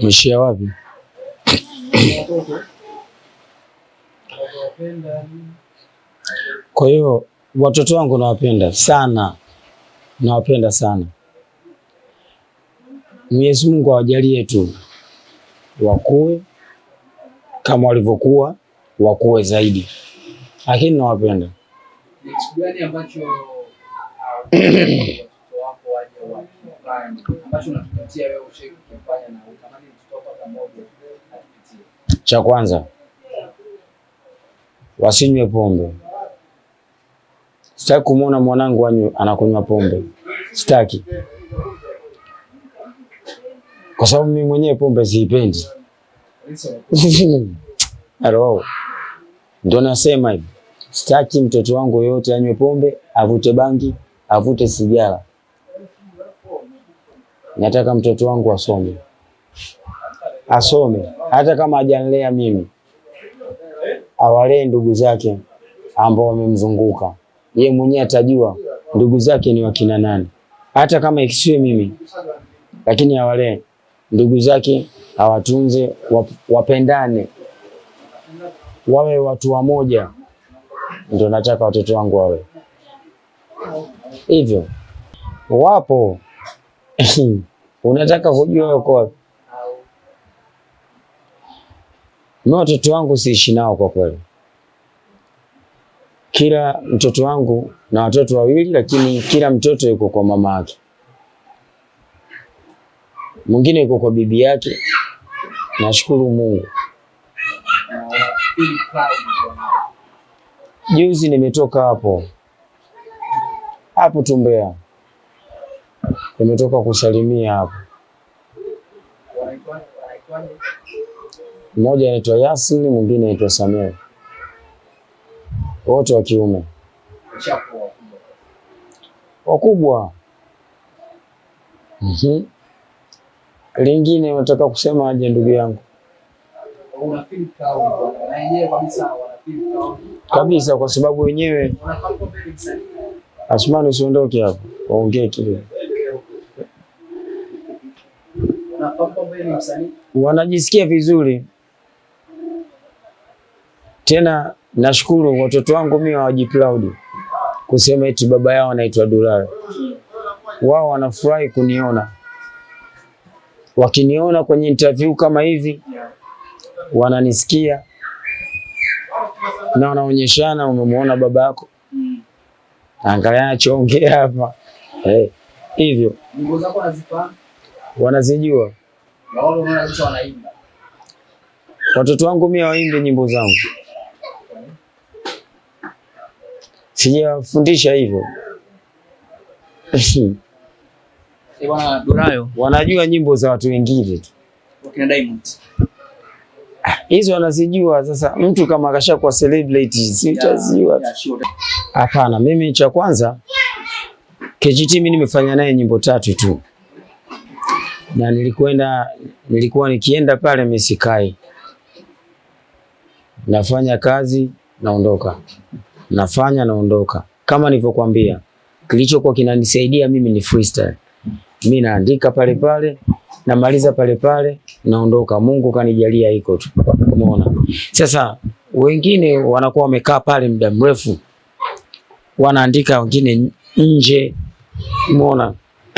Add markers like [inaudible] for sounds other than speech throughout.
Umeshia wapi? Kwa hiyo watoto wangu nawapenda sana, nawapenda sana. Mwenyezi Mungu awajalie tu wakue kama walivyokuwa, wakue zaidi, lakini nawapenda. [clears throat] Cha kwanza wasinywe pombe. Sitaki kumwona mwanangu anakunywa pombe, sitaki, kwa sababu mimi mwenyewe pombe siipendi. Aro, [laughs] ndo nasema hivi, sitaki mtoto wangu yoyote anywe pombe, avute bangi, avute sigara nataka mtoto wangu asome, asome hata kama hajanlea mimi, awalee ndugu zake ambao wamemzunguka ye mwenyewe atajua ndugu zake ni wakina nani, hata kama ikisiwe mimi, lakini awalee ndugu zake, awatunze, wap, wapendane, wawe watu wamoja. Ndio nataka watoto wangu wawe hivyo. Wapo [laughs] unataka kujua uko wapi? Mimi watoto wangu siishi nao kwa kweli, kila mtoto wangu na watoto wawili, lakini kila mtoto yuko kwa mama yake, mwingine yuko kwa bibi yake. Nashukuru Mungu. Juzi nimetoka hapo hapo Tumbea nimetoka kusalimia hapa. Mmoja anaitwa Yasin, mwingine anaitwa Samuel, wote wa kiume wakubwa. mm Lingine nataka kusema aje, ndugu yangu kabisa, kwa sababu wenyewe Asmani, usiondoke hapo, waongee kidogo wanajisikia vizuri tena. Nashukuru watoto wangu mimi hawaji kusema eti baba yao anaitwa Dullayo. Wao wanafurahi kuniona, wakiniona kwenye interview kama hivi, wananisikia na wanaonyeshana, umemwona baba yako, angalia anachoongea hapa, hey, eh, hivyo wanazijua. Watoto wangu mimi waimbe nyimbo zangu, sijawafundisha hivyo. Eh, wanajua nyimbo za watu wengine tu ah, hizo wanazijua. Sasa mtu kama akashakuwa celebrity utazijua? Hapana, mimi cha kwanza KGT mimi nimefanya naye nyimbo tatu tu na nilikwenda, nilikuwa nikienda pale misikai, nafanya kazi naondoka, nafanya naondoka. Kama nilivyokuambia, kilichokuwa kinanisaidia mimi ni freestyle. Mimi naandika pale pale, namaliza pale pale, naondoka. Mungu kanijalia iko tu, umeona. Sasa wengine wanakuwa wamekaa pale muda mrefu, wanaandika wengine nje, umeona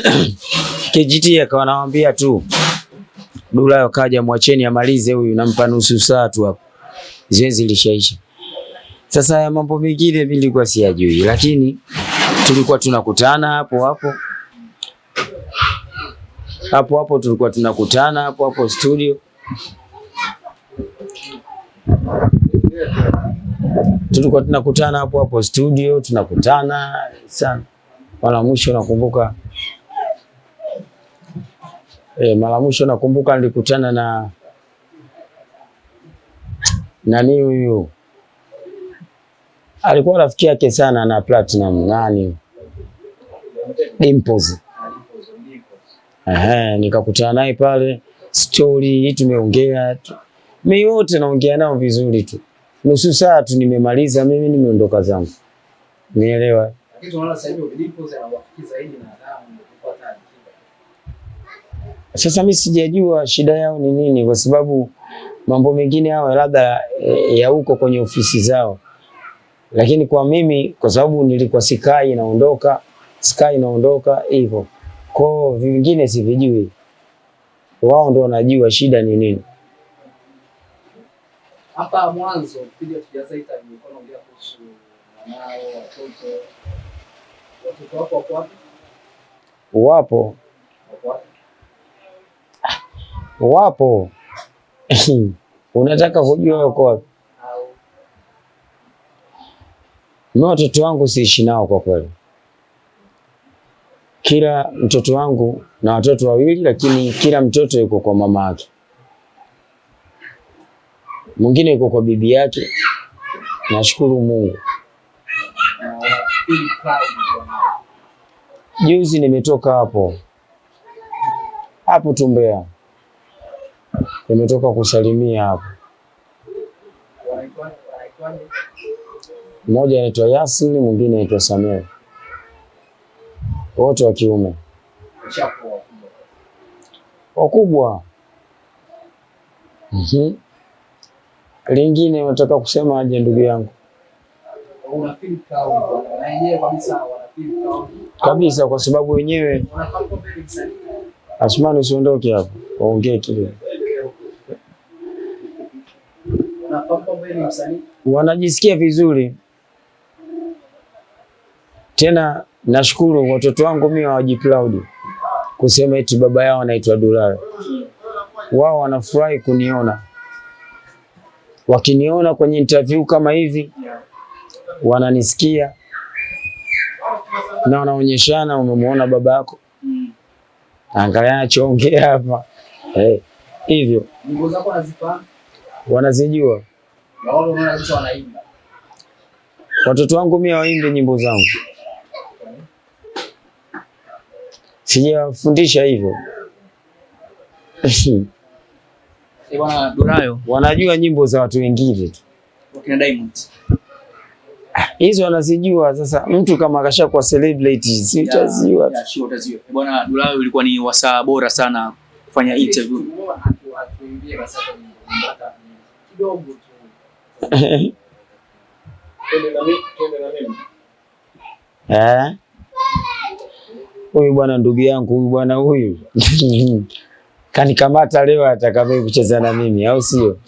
[clears throat] Kijiti akawa anawaambia tu Dula, akaja mwacheni amalize huyu, nampa nusu saa tu hapo, zoezi lishaisha. Sasa ya mambo mengine mimi nilikuwa siyajui, lakini tulikuwa tunakutana hapo hapo hapo hapo, tulikuwa tunakutana hapo hapo studio, tulikuwa tunakutana hapo hapo studio, tunakutana sana. Wala mwisho nakumbuka E, mara mwisho nakumbuka nilikutana na nani huyu, alikuwa rafiki yake sana na Platinum, nani Dimples. Ehe, nikakutana naye pale, stori hii tumeongea tu, mimi yote naongea nao vizuri tu, nusu saa tu nimemaliza, mimi nimeondoka zangu, nielewa sasa mimi sijajua shida yao ni nini, kwa sababu mambo mengine hao labda eh, ya huko kwenye ofisi zao, lakini kwa mimi, kwa sababu nilikuwa sikai, inaondoka sikai, inaondoka hivyo kwa vingine sivijui. Wao ndio wanajua shida ni nini. Hapa mwanzo pia tujazaita nilikuwa naongea kuhusu wanao watoto, watoto wapo wapo, wapo wapo. [clears throat] Unataka kujua uko wapi? Mimi watoto wangu siishi nao kwa kweli, kila mtoto wangu na watoto wawili, lakini kila mtoto yuko kwa mama yake, mwingine yuko kwa bibi yake. Nashukuru Mungu. Juzi nimetoka hapo hapo Tumbea. Nimetoka kusalimia hapo. Mmoja anaitwa Yasin, mwingine anaitwa Samuel, wote wa kiume wakubwa. mm-hmm. Lingine nataka kusema aje, ndugu yangu kabisa, kwa sababu wenyewe Asmani, usiondoke hapo, waongee kile wanajisikia vizuri tena. Nashukuru watoto wangu mimi hawaji kusema eti baba yao anaitwa Dullayo. Wao wanafurahi kuniona, wakiniona kwenye interview kama hivi, wananisikia na wanaonyeshana, umemwona baba yako, angalia anachoongea hapa, hey, eh, hivyo wanazijua watoto wangu, mimi waimbe nyimbo zangu, sijawafundisha hivyo. Eh, wanajua nyimbo za watu wengine tu ah, hizo anazijua. Sasa mtu kama akashakuwa celebrity, si utaziwa eh, Bwana Dulayo, ilikuwa ni wasaa bora sana kufanya interview kidogo tu. [laughs] Eh? huyu bwana, ndugu yangu huyu bwana, huyu [laughs] kanikamata leo, atakavyo kucheza na mimi, au sio?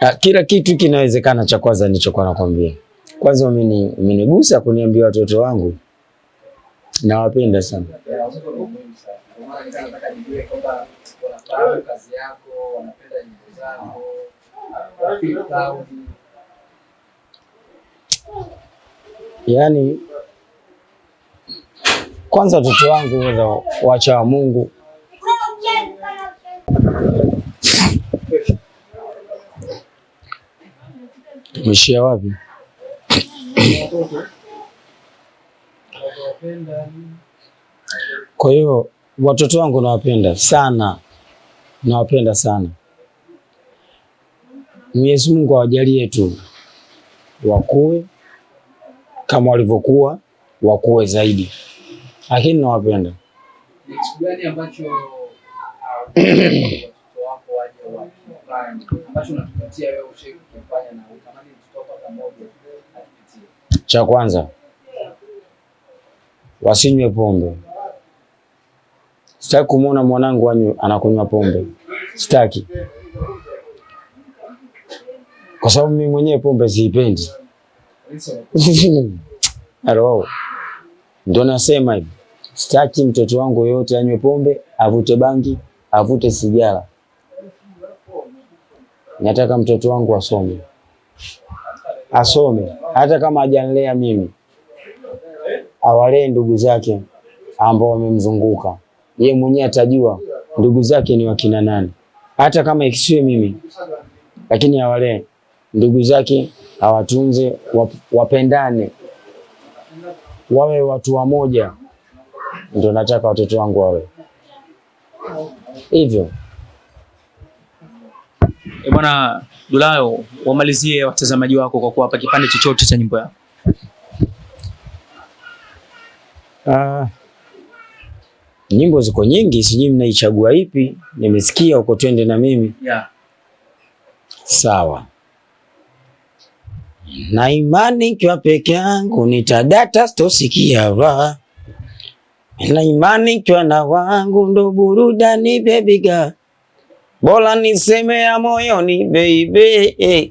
Ah, kila kitu kinawezekana. Cha kwanza nilichokuwa nakwambia, kwanza umenigusa kuniambia watoto wangu nawapenda sana wanafahamu kazi yako, wanapenda nyimbo zako yaani kwanza watoto wangu weza wacha wa Mungu mishia wapi? Kwa hiyo watoto wangu nawapenda sana nawapenda sana. Mwenyezi Mungu awajalie tu wakuwe kama walivyokuwa, wakuwe zaidi, lakini nawapenda. Ah, Cha kwanza wasinywe pombe. Sitaki kumuona mwanangu anyu anakunywa pombe, sitaki, kwa sababu mimi mwenyewe pombe siipendi. ndo [laughs] ndio nasema hivi, sitaki mtoto wangu yoyote anywe pombe, avute bangi, avute sigara. Nataka mtoto wangu asome, asome hata kama hajanilea mimi, awalee ndugu zake ambao wamemzunguka yeye mwenyewe atajua ndugu zake ni wakina nani, hata kama ikisiwe mimi, lakini awalee ndugu zake, awatunze, wapendane, wawe watu wamoja. Ndio nataka watoto wangu wawe hivyo. E bwana Dulayo, wamalizie watazamaji wako kwa kuwapa kipande chochote cha nyimbo yako. Uh, ah, Nyimbo ziko nyingi, sijui mnaichagua ipi. Nimesikia uko twende na mimi yeah. Sawa na imani nikiwa peke yangu nitadata stosikia raha, na imani nikiwa na wangu ndo burudani baby girl, bora niseme ya moyoni baby eh.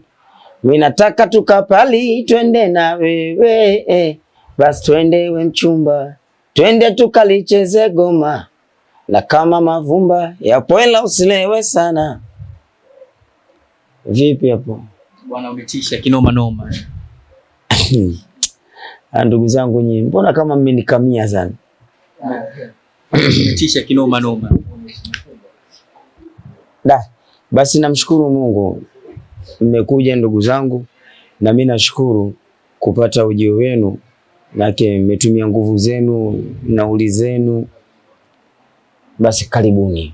Mimi nataka tukapali twende na wewe eh. Basi twende we mchumba twende tukalicheze goma, na kama mavumba pwela usilewe sana. Vipi hapo bwana, umetisha kinoma noma. [clears throat] Ah, ndugu zangu nyinyi, mbona kama mmenikamia sana? Umetisha kinoma noma. Da, basi namshukuru Mungu mmekuja ndugu zangu, na mimi nashukuru kupata ujio wenu nake mmetumia nguvu zenu, nauli zenu, basi karibuni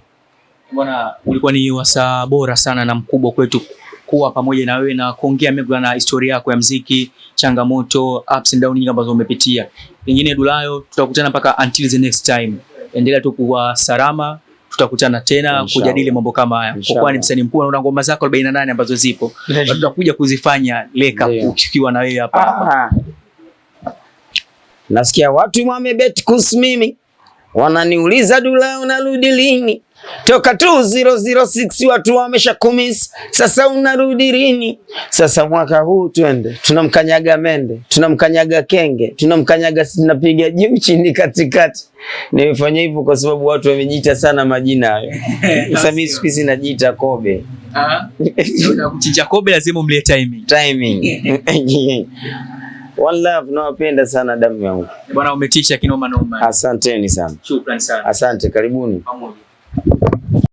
bwana. Ulikuwa ni wasaa bora sana na mkubwa kwetu kuwa pamoja na wewe na kuongea mengi na historia yako ya mziki, changamoto, ups and downs ambazo umepitia. Pengine Dulayo, tutakutana mpaka until the next time. Endelea tu kuwa salama, tutakutana tena Inshallah, kujadili mambo kama haya. Kwa kuwa ni msanii mkubwa na ngoma zako 48 ambazo zipo, tutakuja kuzifanya leka ukiwa na wewe hapa ah. Nasikia watu wamebet kuhusu mimi, wananiuliza Dula unarudi lini? Toka tu 006 watu wamesha kumis, sasa unarudi lini? Sasa mwaka huu twende, tunamkanyaga mende, tunamkanyaga kenge, tunamkanyaga tunapiga juu chini katikati. Nimefanya hivyo kwa sababu watu wamejiita sana majina hayo. [laughs] Sasa mimi siku hizi najiita Kobe. Aha. [laughs] Kuchinja Kobe lazima umlie timing. Timing. [laughs] Wallahi tunawapenda sana damu yangu. Bwana umetisha kinoma noma. Asanteni sana. Shukrani sana. Asante, karibuni. Pamoja.